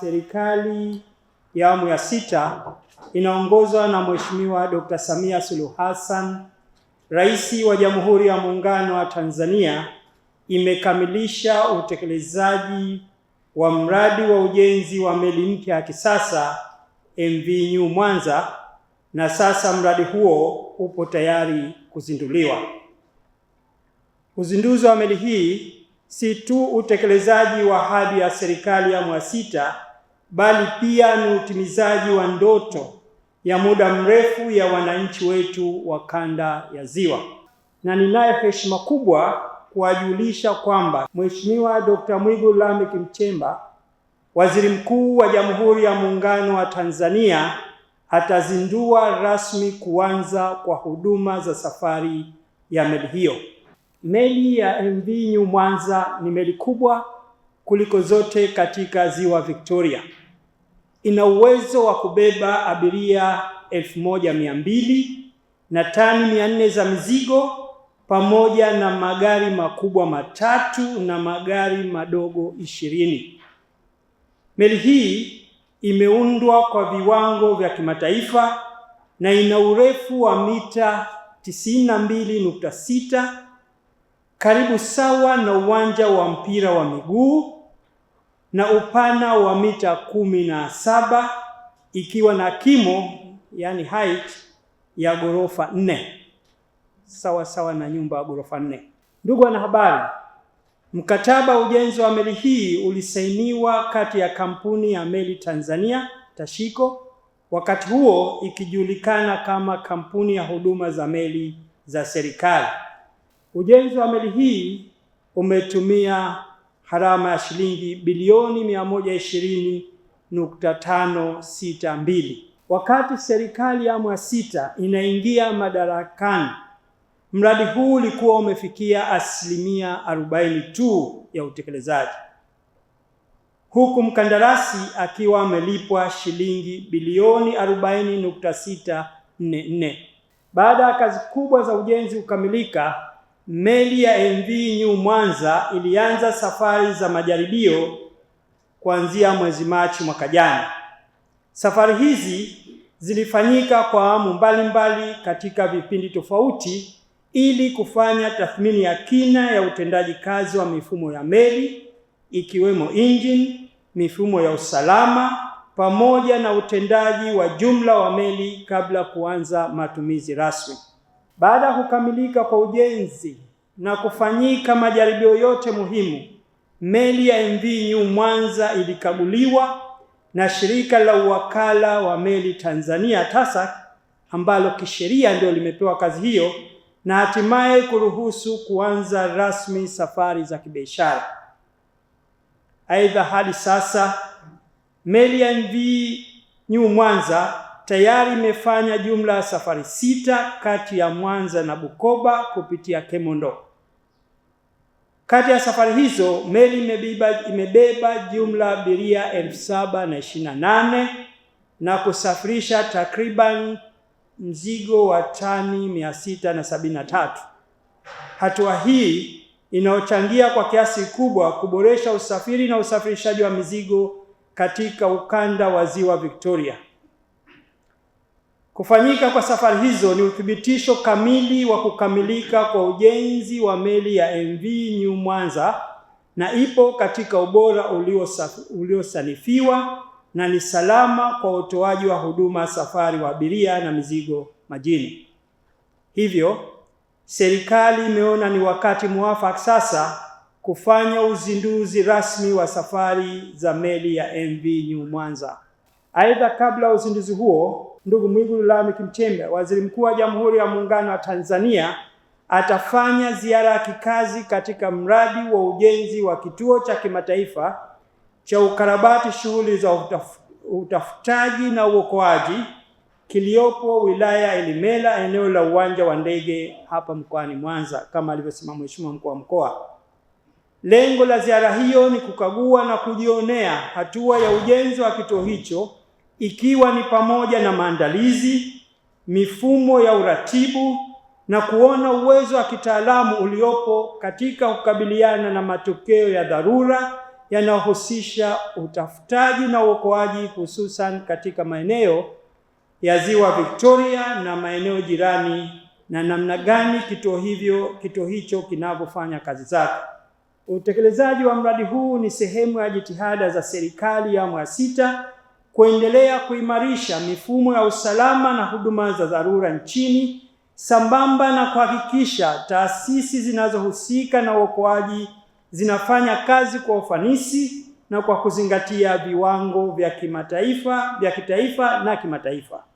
Serikali ya awamu ya sita inaongozwa na Mheshimiwa Dr. Samia Suluhu Hassan, Rais wa Jamhuri ya Muungano wa Tanzania, imekamilisha utekelezaji wa mradi wa ujenzi wa meli mpya ya kisasa MV New Mwanza na sasa mradi huo upo tayari kuzinduliwa. Uzinduzi wa meli hii si tu utekelezaji wa ahadi ya serikali ya awamu ya sita, bali pia ni utimizaji wa ndoto ya muda mrefu ya wananchi wetu wa kanda ya Ziwa, na ninayo heshima kubwa kuwajulisha kwamba Mheshimiwa Dr. Mwigulu Lameck Nchemba, Waziri Mkuu wa Jamhuri ya Muungano wa Tanzania, atazindua rasmi kuanza kwa huduma za safari ya meli hiyo. Meli ya MV New Mwanza ni meli kubwa kuliko zote katika ziwa Victoria. Ina uwezo wa kubeba abiria 1200 na tani 400 za mizigo pamoja na magari makubwa matatu na magari madogo ishirini. Meli hii imeundwa kwa viwango vya kimataifa na ina urefu wa mita 92.6 karibu sawa na uwanja wa mpira wa miguu na upana wa mita kumi na saba ikiwa na kimo yani height ya ghorofa nne sawa sawa na nyumba ya ghorofa nne. Ndugu wanahabari, mkataba wa ujenzi wa meli hii ulisainiwa kati ya kampuni ya meli Tanzania Tashiko, wakati huo ikijulikana kama kampuni ya huduma za meli za serikali Ujenzi wa meli hii umetumia gharama ya shilingi bilioni 120.562. Wakati serikali ya awamu ya sita inaingia madarakani, mradi huu ulikuwa umefikia asilimia 40 tu ya utekelezaji, huku mkandarasi akiwa amelipwa shilingi bilioni 40.644. Baada ya kazi kubwa za ujenzi kukamilika Meli ya MV New Mwanza ilianza safari za majaribio kuanzia mwezi Machi mwaka jana. Safari hizi zilifanyika kwa awamu mbalimbali katika vipindi tofauti ili kufanya tathmini ya kina ya utendaji kazi wa mifumo ya meli ikiwemo engine, mifumo ya usalama pamoja na utendaji wa jumla wa meli kabla kuanza matumizi rasmi. Baada ya kukamilika kwa ujenzi na kufanyika majaribio yote muhimu, meli ya MV New Mwanza ilikaguliwa na shirika la uwakala wa meli Tanzania TASAC ambalo kisheria ndio limepewa kazi hiyo na hatimaye kuruhusu kuanza rasmi safari za kibiashara. Aidha, hadi sasa meli ya MV New Mwanza tayari imefanya jumla ya safari sita kati ya Mwanza na Bukoba kupitia Kemondo. Kati ya safari hizo meli imebeba, imebeba jumla abiria elfu na na nane na kusafirisha takriban mzigo wa tani 673. Hatua hii inayochangia kwa kiasi kubwa kuboresha usafiri na usafirishaji wa mizigo katika ukanda wa Ziwa Victoria. Kufanyika kwa safari hizo ni uthibitisho kamili wa kukamilika kwa ujenzi wa meli ya MV New Mwanza na ipo katika ubora uliosanifiwa na ni salama kwa utoaji wa huduma safari wa abiria na mizigo majini. Hivyo, serikali imeona ni wakati mwafaka sasa kufanya uzinduzi rasmi wa safari za meli ya MV New Mwanza. Aidha, kabla ya uzinduzi huo, ndugu Mwigulu Lameck Nchemba, waziri mkuu wa Jamhuri ya Muungano wa Tanzania, atafanya ziara ya kikazi katika mradi wa ujenzi wa kituo cha kimataifa cha ukarabati shughuli za utaf utafutaji na uokoaji kiliopo wilaya ya Ilemela eneo la uwanja wa ndege hapa mkoani Mwanza, kama alivyosema mheshimiwa mkuu wa mkoa. Lengo la ziara hiyo ni kukagua na kujionea hatua ya ujenzi wa kituo hicho ikiwa ni pamoja na maandalizi, mifumo ya uratibu na kuona uwezo wa kitaalamu uliopo katika kukabiliana na matokeo ya dharura yanayohusisha utafutaji na uokoaji, hususan katika maeneo ya Ziwa Victoria na maeneo jirani, na namna gani kituo hivyo kituo hicho kinavyofanya kazi zake. Utekelezaji wa mradi huu ni sehemu ya jitihada za serikali ya awamu ya sita kuendelea kuimarisha mifumo ya usalama na huduma za dharura nchini sambamba na kuhakikisha taasisi zinazohusika na uokoaji zinafanya kazi kwa ufanisi na kwa kuzingatia viwango vya kimataifa vya kitaifa na kimataifa.